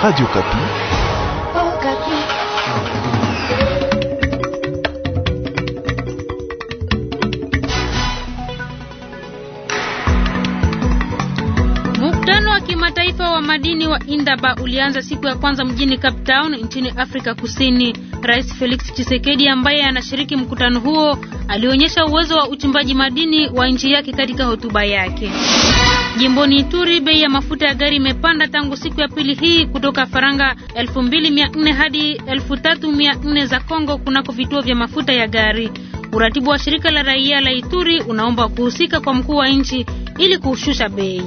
Radio Kapi. Oh, Kapi. Mkutano wa kimataifa wa madini wa Indaba ulianza siku ya kwanza mjini Cape Town nchini Afrika Kusini. Rais Felix Tshisekedi ambaye anashiriki mkutano huo alionyesha uwezo wa uchimbaji madini wa nchi yake katika hotuba yake. Jimboni Ituri, bei ya mafuta ya gari imepanda tangu siku ya pili hii kutoka faranga 2400 hadi 3400 za Kongo kunako vituo vya mafuta ya gari. Uratibu wa shirika la raia la Ituri unaomba kuhusika kwa mkuu wa nchi ili kushusha bei.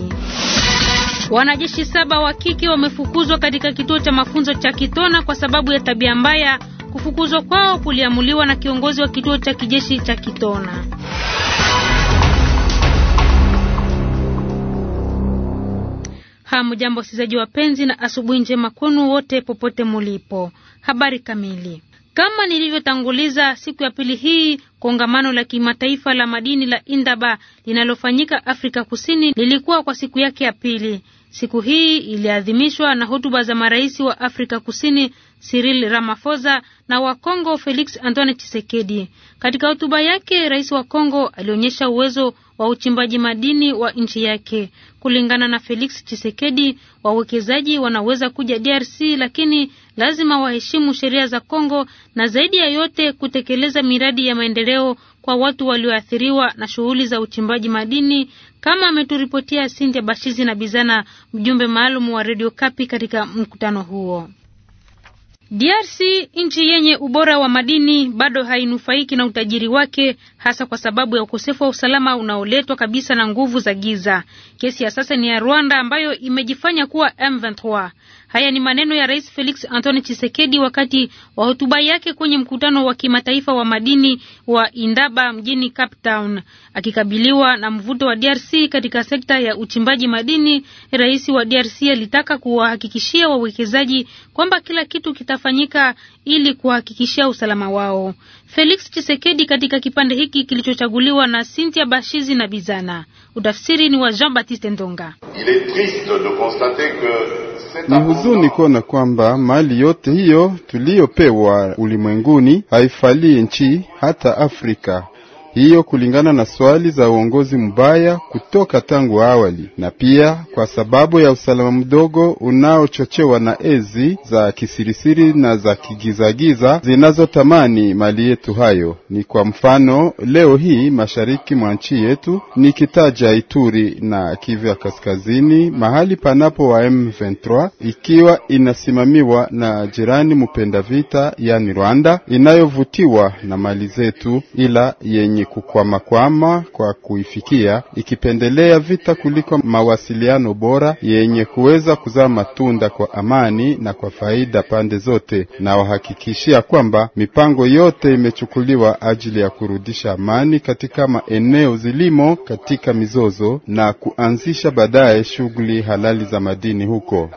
Wanajeshi saba wa kike wamefukuzwa katika kituo cha mafunzo cha Kitona kwa sababu ya tabia mbaya. Kufukuzwa kwao kuliamuliwa na kiongozi wa kituo cha kijeshi cha Kitona. Hamjambo wasikilizaji wapenzi, na asubuhi njema kwenu wote popote mulipo. Habari kamili kama nilivyotanguliza siku ya pili hii, kongamano la kimataifa la madini la Indaba linalofanyika Afrika Kusini lilikuwa kwa siku yake ya pili. Siku hii iliadhimishwa na hotuba za marais wa Afrika Kusini Cyril Ramaphosa na wa Kongo Felix Antoine Tshisekedi. Katika hotuba yake, rais wa Kongo alionyesha uwezo wa uchimbaji madini wa nchi yake. Kulingana na Felix chisekedi wawekezaji wanaweza kuja DRC, lakini lazima waheshimu sheria za Kongo na zaidi ya yote kutekeleza miradi ya maendeleo kwa watu walioathiriwa na shughuli za uchimbaji madini, kama ameturipotia Sindia Bashizi na Bizana, mjumbe maalum wa Radio Kapi katika mkutano huo. DRC nchi yenye ubora wa madini bado hainufaiki na utajiri wake hasa kwa sababu ya ukosefu wa usalama unaoletwa kabisa na nguvu za giza. Kesi ya sasa ni ya Rwanda ambayo imejifanya kuwa M23. Haya ni maneno ya Rais Felix Antoine Tshisekedi wakati wa hotuba yake kwenye mkutano wa kimataifa wa madini wa Indaba mjini Cape Town. Akikabiliwa na mvuto wa DRC katika sekta ya uchimbaji madini, rais wa DRC alitaka kuwahakikishia wawekezaji kwamba kila kitu kita yanayofanyika ili kuhakikishia usalama wao. Felix Chisekedi katika kipande hiki kilichochaguliwa na Cynthia Bashizi na Bizana. Utafsiri ni wa Jean Baptiste Ndonga. Ni huzuni kuona kwamba mali yote hiyo tuliyopewa ulimwenguni haifalii nchi hata Afrika hiyo kulingana na swali za uongozi mbaya kutoka tangu awali, na pia kwa sababu ya usalama mdogo unaochochewa na ezi za kisirisiri na za kigizagiza zinazotamani mali yetu. Hayo ni kwa mfano, leo hii mashariki mwa nchi yetu nikitaja Ituri na Kivu ya Kaskazini, mahali panapo wa M23 ikiwa inasimamiwa na jirani mupenda vita, yani Rwanda, inayovutiwa na mali zetu ila yenye kukwamakwama kwa kuifikia, ikipendelea vita kuliko mawasiliano bora yenye kuweza kuzaa matunda kwa amani na kwa faida pande zote. Na wahakikishia kwamba mipango yote imechukuliwa ajili ya kurudisha amani katika maeneo zilimo katika mizozo na kuanzisha baadaye shughuli halali za madini huko.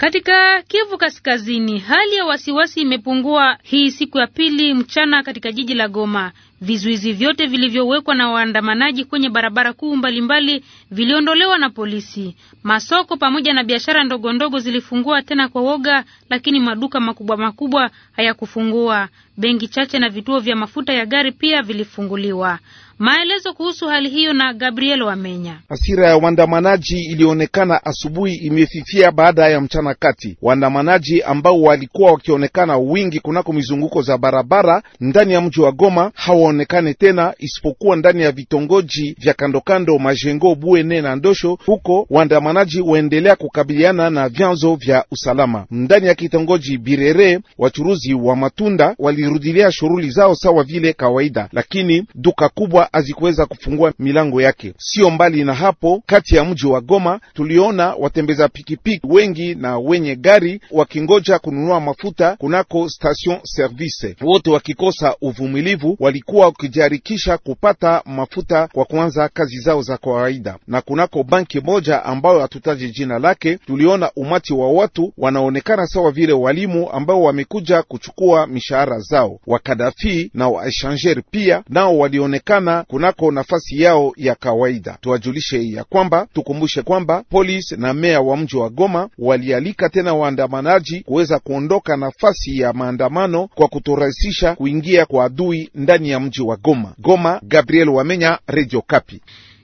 Katika Kivu Kaskazini, hali ya wasiwasi imepungua hii siku ya pili mchana katika jiji la Goma. Vizuizi vyote vilivyowekwa na waandamanaji kwenye barabara kuu mbalimbali viliondolewa na polisi. Masoko pamoja na biashara ndogo ndogo zilifungua tena kwa woga, lakini maduka makubwa makubwa hayakufungua. Benki chache na vituo vya mafuta ya gari pia vilifunguliwa. Maelezo kuhusu hali hiyo na Gabriel Wamenya. Hasira ya waandamanaji ilionekana asubuhi, imefifia baada ya mchana kati. Waandamanaji ambao walikuwa wakionekana wingi kunako mizunguko za barabara ndani ya mji wa Goma hawaonekane tena, isipokuwa ndani ya vitongoji vya kandokando Majengo, Buene na Ndosho. Huko waandamanaji waendelea kukabiliana na vyanzo vya usalama ndani ya kitongoji Birere. Wachuruzi wa matunda walirudilia shughuli zao sawa vile kawaida, lakini duka kubwa hazikuweza kufungua milango yake. Sio mbali na hapo, kati ya mji wa Goma tuliona watembeza pikipiki wengi na wenye gari wakingoja kununua mafuta kunako station service, wote wakikosa uvumilivu, walikuwa wakijiharikisha kupata mafuta kwa kuanza kazi zao za kawaida. Na kunako banki moja ambayo hatutaji jina lake, tuliona umati wa watu wanaonekana sawa vile walimu ambao wamekuja kuchukua mishahara zao. Wakadafi na waeshangeri pia nao walionekana kunako nafasi yao ya kawaida. Tuwajulishe ya kwamba, tukumbushe kwamba polisi na meya wa mji wa Goma walialika tena waandamanaji kuweza kuondoka nafasi ya maandamano kwa kutorahisisha kuingia kwa adui ndani ya mji wa Goma. Goma, Gabriel Wamenya, Radio Kapi.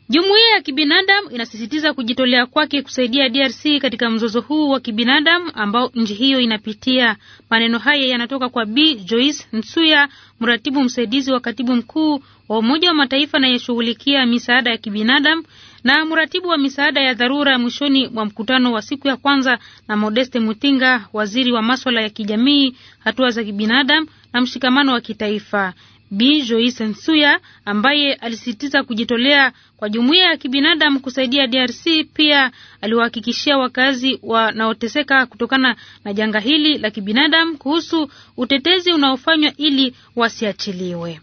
Jumuiya ya kibinadamu inasisitiza kujitolea kwake kusaidia DRC katika mzozo huu wa kibinadamu ambao nchi hiyo inapitia. Maneno haya yanatoka kwa B Joyce Nsuya, mratibu msaidizi wa katibu mkuu wa Umoja wa Mataifa anayeshughulikia misaada ya kibinadamu na mratibu wa misaada ya dharura mwishoni mwa mkutano wa siku ya kwanza na Modeste Mutinga, waziri wa maswala ya kijamii, hatua za kibinadamu na mshikamano wa kitaifa. Bi Joyce Nsuya ambaye alisisitiza kujitolea kwa jumuiya ya kibinadamu kusaidia DRC pia aliwahakikishia wakazi wanaoteseka kutokana na janga hili la kibinadamu kuhusu utetezi unaofanywa ili wasiachiliwe.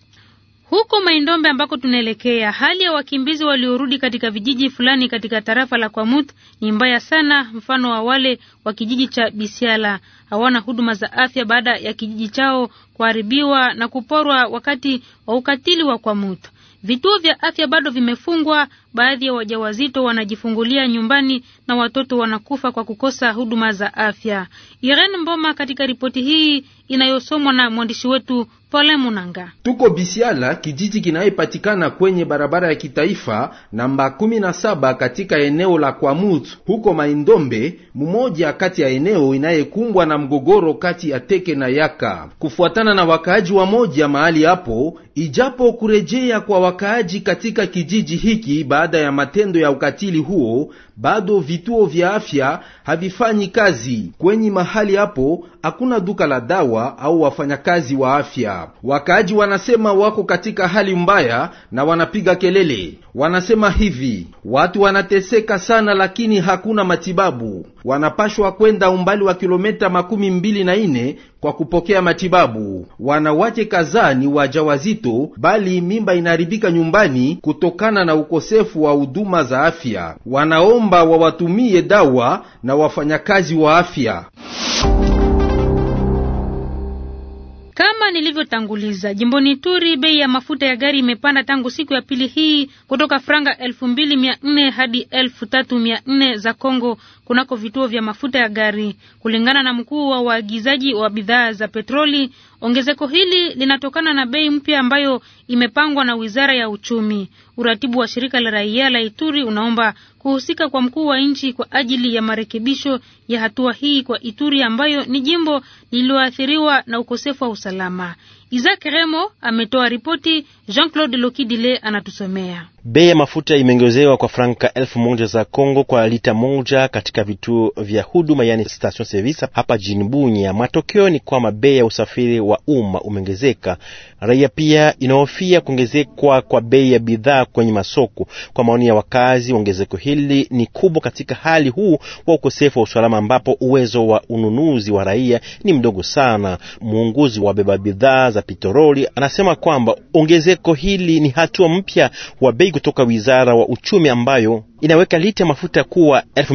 Huko Maindombe ambako tunaelekea, hali ya wakimbizi waliorudi katika vijiji fulani katika tarafa la Kwamouth ni mbaya sana, mfano wa wale wa kijiji cha Bisiala. Hawana huduma za afya baada ya kijiji chao kuharibiwa na kuporwa wakati wa ukatili wa Kwamouth. Vituo vya afya bado vimefungwa, baadhi ya wajawazito wanajifungulia nyumbani na watoto wanakufa kwa kukosa huduma za afya. Irene Mboma katika ripoti hii inayosomwa na mwandishi wetu Pole Munanga. Tuko Bisiala, kijiji kinayepatikana kwenye barabara ya kitaifa namba 17 katika eneo la Kwamut huko Maindombe, mmoja kati ya eneo inayekumbwa na mgogoro kati ya Teke na Yaka, kufuatana na wakaaji wa moja mahali hapo. Ijapo kurejea kwa wakaaji katika kijiji hiki ba baada ya matendo ya ukatili huo, bado vituo vya afya havifanyi kazi. Kwenye mahali hapo hakuna duka la dawa au wafanyakazi wa afya. Wakaaji wanasema wako katika hali mbaya na wanapiga kelele. Wanasema hivi, watu wanateseka sana, lakini hakuna matibabu. Wanapashwa kwenda umbali wa kilometa makumi mbili na ine kwa kupokea matibabu. Wanawake kadhaa ni wajawazito, bali mimba inaharibika nyumbani kutokana na ukosefu wa huduma za afya. Wanaomba wawatumie dawa na wafanyakazi wa afya. Kama nilivyotanguliza, jimboni turi bei ya mafuta ya gari imepanda tangu siku ya pili hii kutoka franga 2400 hadi 3400 za Kongo kunako vituo vya mafuta ya gari, kulingana na mkuu wa waagizaji wa bidhaa za petroli. Ongezeko hili linatokana na bei mpya ambayo imepangwa na wizara ya uchumi. Uratibu wa shirika la raia la Ituri unaomba kuhusika kwa mkuu wa nchi kwa ajili ya marekebisho ya hatua hii kwa Ituri ambayo ni jimbo lililoathiriwa na ukosefu wa usalama. มา Isaac Remo ametoa ripoti, Jean-Claude Lokidile anatusomea. Bei ya mafuta imeongezewa kwa franka elfu moja za Kongo kwa lita moja katika vituo vya huduma yani station service hapa jijini Bunya. Matokeo ni kwamba bei ya usafiri wa umma umeongezeka. Raia pia inahofia kuongezekwa kwa bei ya bidhaa kwenye masoko. Kwa maoni ya wakazi, ongezeko hili ni kubwa katika hali huu wa ukosefu wa usalama, ambapo uwezo wa ununuzi wa raia ni mdogo sana. Muunguzi wa beba bidhaa za petroli anasema kwamba ongezeko hili ni hatua mpya wa bei kutoka wizara wa uchumi ambayo inaweka lita ya mafuta kuwa elfu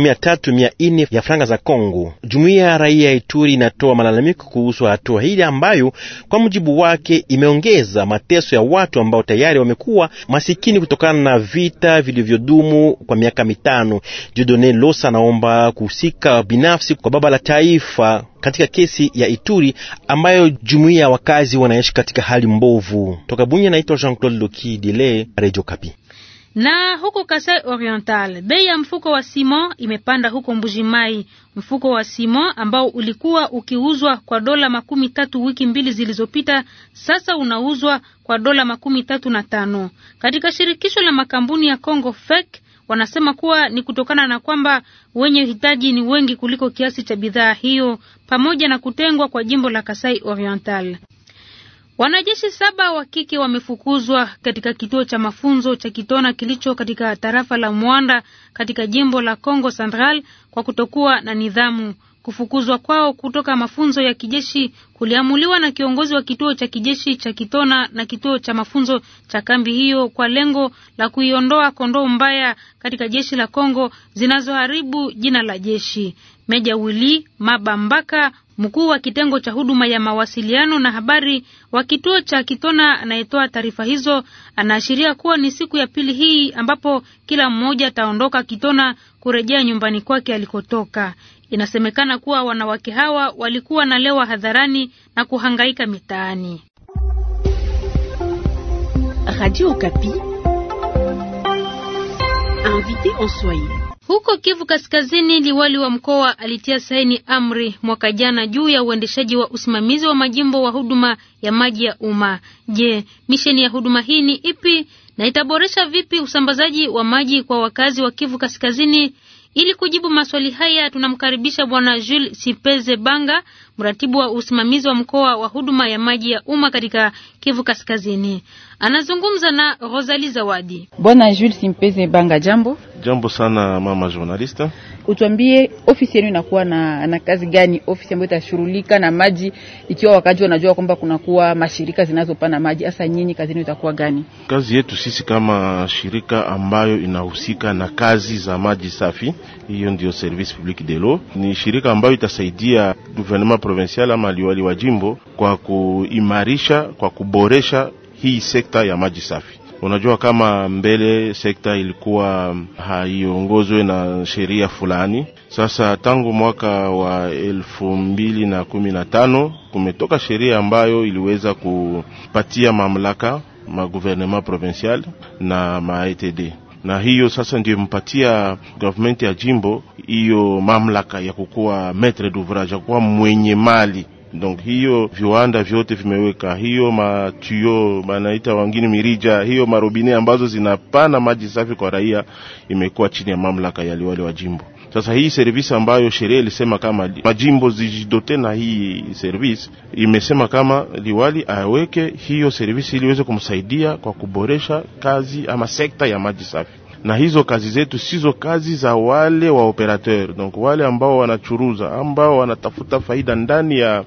ya franga za Kongo. Jumuiya ya raia ya Ituri inatoa malalamiko kuhusu hatua hili ambayo kwa mujibu wake imeongeza mateso ya watu ambao tayari wamekuwa masikini kutokana na vita vilivyodumu kwa miaka mitano. Jodone Losa anaomba kuhusika binafsi kwa baba la taifa katika kesi ya Ituri ambayo jumuiya ya wakazi wanaishi katika hali mbovu. Toka Bunye, naitwa Jean Claude Loki Dile, Radio Kapi. Na huko Kasai Oriental, bei ya mfuko wa simo imepanda huko Mbujimai. Mfuko wa simon ambao ulikuwa ukiuzwa kwa dola makumi tatu wiki mbili zilizopita, sasa unauzwa kwa dola makumi tatu na tano katika shirikisho la makampuni ya Congo FEC. Wanasema kuwa ni kutokana na kwamba wenye hitaji ni wengi kuliko kiasi cha bidhaa hiyo, pamoja na kutengwa kwa jimbo la Kasai Oriental. Wanajeshi saba wa kike wamefukuzwa katika kituo cha mafunzo cha Kitona kilicho katika tarafa la Mwanda katika jimbo la Congo Central kwa kutokuwa na nidhamu. Kufukuzwa kwao kutoka mafunzo ya kijeshi kuliamuliwa na kiongozi wa kituo cha kijeshi cha Kitona na kituo cha mafunzo cha kambi hiyo kwa lengo la kuiondoa kondoo mbaya katika jeshi la Kongo zinazoharibu jina la jeshi. Meja Wili Mabambaka, mkuu wa kitengo cha huduma ya mawasiliano na habari wa kituo cha Kitona anayetoa taarifa hizo, anaashiria kuwa ni siku ya pili hii ambapo kila mmoja ataondoka Kitona kurejea nyumbani kwake alikotoka. Inasemekana kuwa wanawake hawa walikuwa lewa hadharani na kuhangaika mitaani. Radio Huko Kivu Kaskazini, liwali wa mkoa alitia saini amri mwaka jana juu ya uendeshaji wa usimamizi wa majimbo wa huduma ya maji ya umma. Je, misheni ya huduma hii ni ipi na itaboresha vipi usambazaji wa maji kwa wakazi wa Kivu Kaskazini? Ili kujibu maswali haya tunamkaribisha Bwana Jules Sipeze Banga, mratibu wa usimamizi wa mkoa wa huduma ya maji ya umma katika Kivu Kaskazini. Anazungumza na Rosalie Zawadi. Bwana Jules Simpeze Banga, jambo. Jambo sana mama journalista. Utwambie ofisi yenu inakuwa na, na kazi gani? Ofisi ambayo itashughulika na maji, ikiwa wakati wanajua kwamba kunakuwa mashirika zinazopana maji, hasa nyinyi kazi yenu itakuwa gani? Kazi yetu sisi kama shirika ambayo inahusika na kazi za maji safi, hiyo ndio Service Public de l'Eau, ni shirika ambayo itasaidia gouvernement provincial ama liwali wa jimbo kwa kuimarisha, kwa kuboresha hii sekta ya maji safi. Unajua kama mbele sekta ilikuwa haiongozwe na sheria fulani. Sasa tangu mwaka wa elfu mbili na kumi na tano kumetoka sheria ambayo iliweza kupatia mamlaka maguvernement provincial na maetd na hiyo sasa ndio impatia government ya jimbo hiyo mamlaka ya kukuwa maitre d'ouvrage, ya kukuwa mwenye mali donc hiyo viwanda vyote vimeweka hiyo matuyo banaita wangini mirija, hiyo marobine ambazo zinapana maji safi kwa raia, imekuwa chini ya mamlaka ya liwali wa jimbo. Sasa hii service ambayo sheria ilisema kama majimbo zijidote na hii service, imesema kama liwali aweke hiyo service ili iweze kumsaidia kwa kuboresha kazi ama sekta ya maji safi na hizo kazi zetu sizo kazi za wale wa operateur, donc wale ambao wanachuruza, ambao wanatafuta faida ndani ya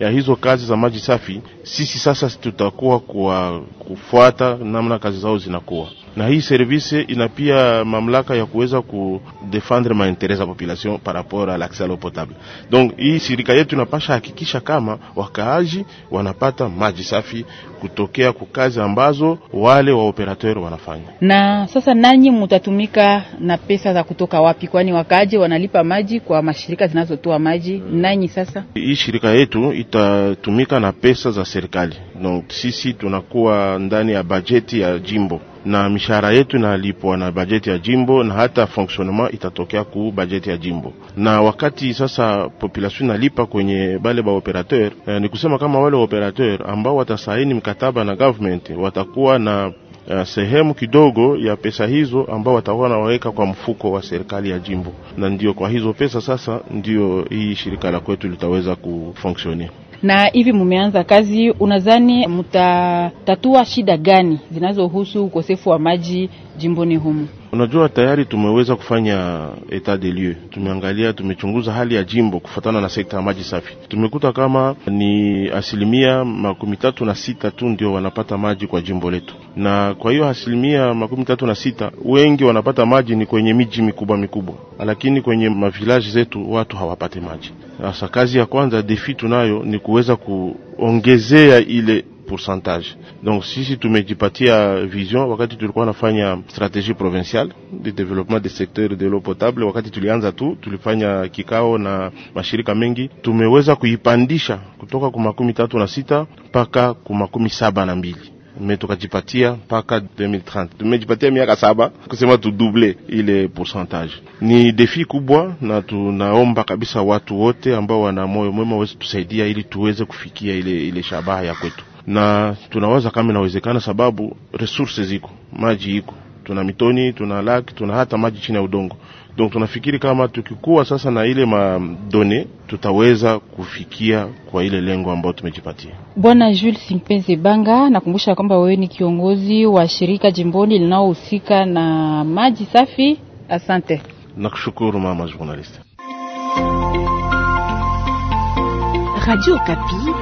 ya hizo kazi za maji safi, sisi sasa tutakuwa kwa kufuata namna kazi zao zinakuwa na hii service ina pia mamlaka ya kuweza kudefendre mainteres ya population par rapport a lakse à l'eau potable. Donc hii shirika yetu inapasha hakikisha kama wakaaji wanapata maji safi kutokea kwa kazi ambazo wale wa operateur wanafanya. Na sasa nanyi mutatumika na pesa za kutoka wapi? Kwani wakaaji wanalipa maji kwa mashirika zinazotoa maji, hmm. nanyi sasa hii shirika yetu itatumika na pesa za serikali. Donc sisi tunakuwa ndani ya bajeti ya jimbo na mishahara yetu inalipwa na bajeti ya jimbo na hata fonctionnement itatokea ku bajeti ya jimbo. Na wakati sasa population inalipa kwenye bale ba operateur eh, ni kusema kama wale operateur ambao watasaini mkataba na government watakuwa na Uh, sehemu kidogo ya pesa hizo ambao watakuwa wanaweka kwa mfuko wa serikali ya jimbo, na ndio kwa hizo pesa sasa ndio hii shirika la kwetu litaweza kufonctionner. Na hivi mumeanza kazi, unadhani mutatatua shida gani zinazohusu ukosefu wa maji jimboni humu? Unajua, tayari tumeweza kufanya etat de lieu, tumeangalia, tumechunguza hali ya jimbo kufuatana na sekta ya maji safi. Tumekuta kama ni asilimia makumi tatu na sita tu ndio wanapata maji kwa jimbo letu, na kwa hiyo asilimia makumi tatu na sita wengi wanapata maji ni kwenye miji mikubwa mikubwa, lakini kwenye mavilaji zetu watu hawapate maji. Sasa kazi ya kwanza defi tunayo ni kuweza kuongezea ile pourcentage. Donc sisi tumejipatia vision wakati tulikuwa nafanya strategie provinciale de développement des secteur de l'eau potable. Wakati tulianza tu tulifanya kikao na mashirika mengi, tumeweza kuipandisha kutoka kumakumi tatu na sita mpaka kumakumi saba na mbili me tukajipatia mpaka 2030 tumejipatia miaka saba kusema tuduble ile pourcentage. Ni defi kubwa, na tunaomba kabisa watu wote ambao wana moyo mwema waweze tusaidia ili tuweze kufikia ile, ile shabaha ya kwetu na tunawaza kama inawezekana, sababu resources ziko, maji iko, tuna mitoni, tuna laki, tuna hata maji chini ya udongo. Donc tunafikiri kama tukikuwa sasa na ile madone tutaweza kufikia kwa ile lengo ambayo tumejipatia. Bwana Jules Simpenze Banga, nakumbusha kwamba wewe ni kiongozi wa shirika jimboni linalohusika na maji safi. Asante. Nakushukuru mama journaliste. Radio Kapi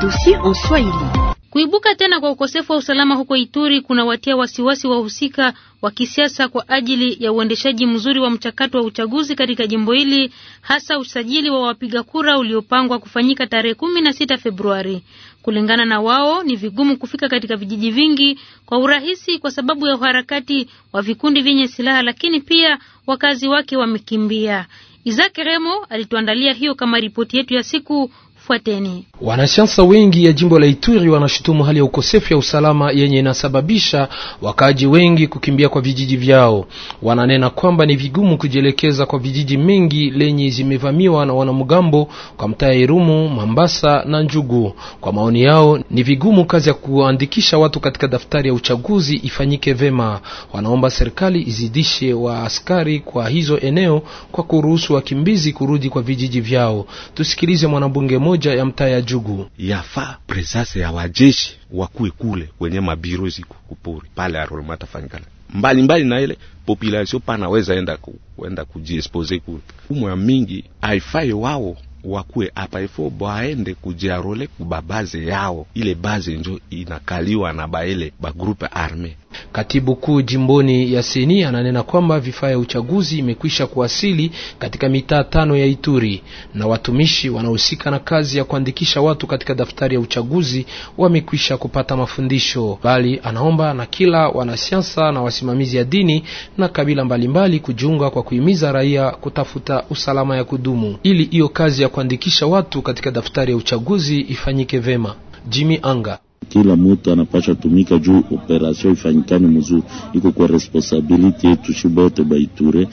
dossier en Swahili. Kuibuka tena kwa ukosefu wa usalama huko Ituri kunawatia wasiwasi wahusika wa kisiasa kwa ajili ya uendeshaji mzuri wa mchakato wa uchaguzi katika jimbo hili, hasa usajili wa wapiga kura uliopangwa kufanyika tarehe kumi na sita Februari. Kulingana na wao, ni vigumu kufika katika vijiji vingi kwa urahisi kwa sababu ya uharakati wa vikundi vyenye silaha, lakini pia wakazi wake wamekimbia. Isaac Remo alituandalia hiyo kama ripoti yetu ya siku Fuateni. Wanasiasa wengi ya jimbo la Ituri wanashutumu hali ya ukosefu ya usalama yenye inasababisha wakaaji wengi kukimbia kwa vijiji vyao. Wananena kwamba ni vigumu kujielekeza kwa vijiji mengi lenye zimevamiwa na wanamgambo kwa mtaa ya Irumu, Mambasa na Njugu. Kwa maoni yao, ni vigumu kazi ya kuandikisha watu katika daftari ya uchaguzi ifanyike vema. Wanaomba serikali izidishe wa askari kwa hizo eneo kwa kuruhusu wakimbizi kurudi kwa vijiji vyao. Tusikilize mwanabunge moja ya mtaa ya Jugu yafaa presence ya wajeshi wakuwe kule kwenye mabiro ziko kupuri pale arolmata fanyikala mbali mbali na ile population weza enda ku, enda kujiexpose kule umwa mingi haifai wao wakuwe apa ifo baende kujiarole kubabaze yao ile baze njo inakaliwa na baele bagrupe arme Katibu kuu jimboni ya Seni ananena kwamba vifaa ya uchaguzi imekwisha kuwasili katika mitaa tano ya Ituri na watumishi wanaohusika na kazi ya kuandikisha watu katika daftari ya uchaguzi wamekwisha kupata mafundisho, bali anaomba na kila wanasiasa na wasimamizi ya dini na kabila mbalimbali kujiunga kwa kuhimiza raia kutafuta usalama ya kudumu ili hiyo kazi ya kuandikisha watu katika daftari ya uchaguzi ifanyike vema. Jimmy Anga kila mutu anapasha tumika juu operation ifanyikane mzuri, iko kwa responsibility yetu shibote baiture e,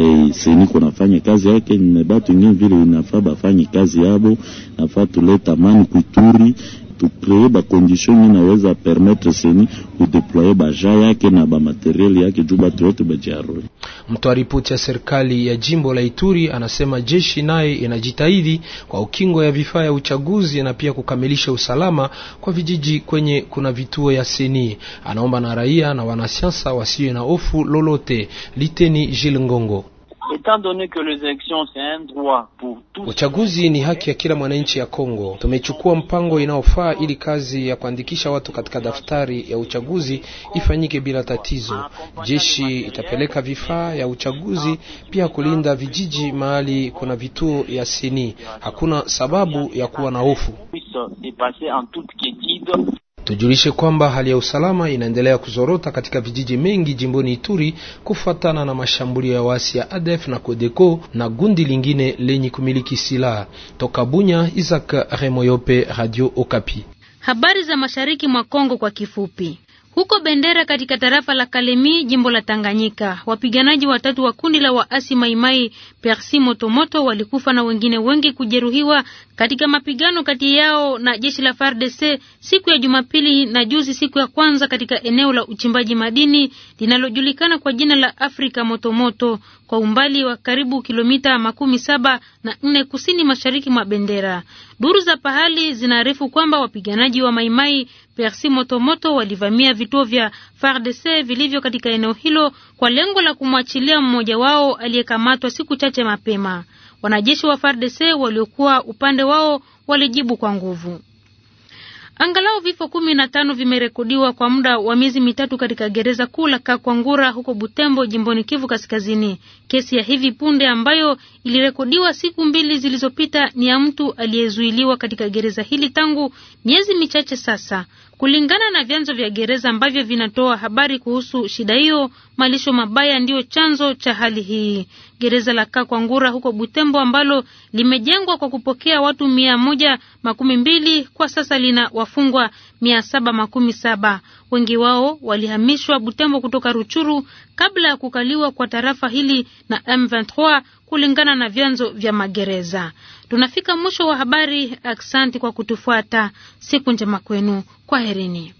eh, seniko nafanya kazi yake nabatu ingine vile inafaa bafanye kazi yabo, nafaa tuleta amani kuituri tukree bakondisio nyi naweza permettre seni kudeploye baja yake na bamateriel yake juu batu yote bajiarudi. Mtoa ripoti ya serikali ya jimbo la Ituri anasema jeshi naye inajitahidi kwa ukingo ya vifaa ya uchaguzi na pia kukamilisha usalama kwa vijiji kwenye kuna vituo ya seni. Anaomba na raia na wanasiasa wasiwe na hofu lolote. Liteni Jil Ngongo. Uchaguzi ni haki ya kila mwananchi ya Kongo. Tumechukua mpango inayofaa ili kazi ya kuandikisha watu katika daftari ya uchaguzi ifanyike bila tatizo. Jeshi itapeleka vifaa ya uchaguzi pia kulinda vijiji mahali kuna vituo ya seni. Hakuna sababu ya kuwa na hofu. Tujulishe kwamba hali ya usalama inaendelea kuzorota katika vijiji mengi jimboni Ituri kufuatana na mashambulio ya waasi ya ADF na kodeko na gundi lingine lenye kumiliki silaha. Toka Bunya, Isaac Remoyope, Radio Okapi. Habari za Mashariki mwa Kongo kwa kifupi. Huko Bendera katika tarafa la Kalemi, jimbo la Tanganyika, wapiganaji watatu wa kundi la waasi Maimai Persi Motomoto walikufa na wengine wengi kujeruhiwa katika mapigano kati yao na jeshi la FARDC siku ya Jumapili na juzi siku ya kwanza katika eneo la uchimbaji madini linalojulikana kwa jina la Afrika Motomoto kwa umbali wa karibu kilomita makumi saba na nne kusini mashariki mwa Bendera. Duru za pahali zinaarifu kwamba wapiganaji wa Maimai Persi Motomoto walivamia vituo vya FARDC vilivyo katika eneo hilo kwa lengo la kumwachilia mmoja wao aliyekamatwa siku chache mapema. Wanajeshi wa FARDC waliokuwa upande wao walijibu kwa nguvu. Angalau vifo kumi na tano vimerekodiwa kwa muda wa miezi mitatu katika gereza kuu la Kakwangura huko Butembo, jimboni Kivu Kaskazini. Kesi ya hivi punde ambayo ilirekodiwa siku mbili zilizopita ni ya mtu aliyezuiliwa katika gereza hili tangu miezi michache sasa. Kulingana na vyanzo vya gereza ambavyo vinatoa habari kuhusu shida hiyo, malisho mabaya ndiyo chanzo cha hali hii. Gereza la Kakwangura huko Butembo ambalo limejengwa kwa kupokea watu mia moja makumi mbili kwa sasa lina wafungwa mia saba makumi saba. Wengi wao walihamishwa Butembo kutoka Ruchuru kabla ya kukaliwa kwa tarafa hili na M23 kulingana na vyanzo vya magereza. Tunafika mwisho wa habari. Aksanti kwa kutufuata. Siku njema kwenu, kwaherini.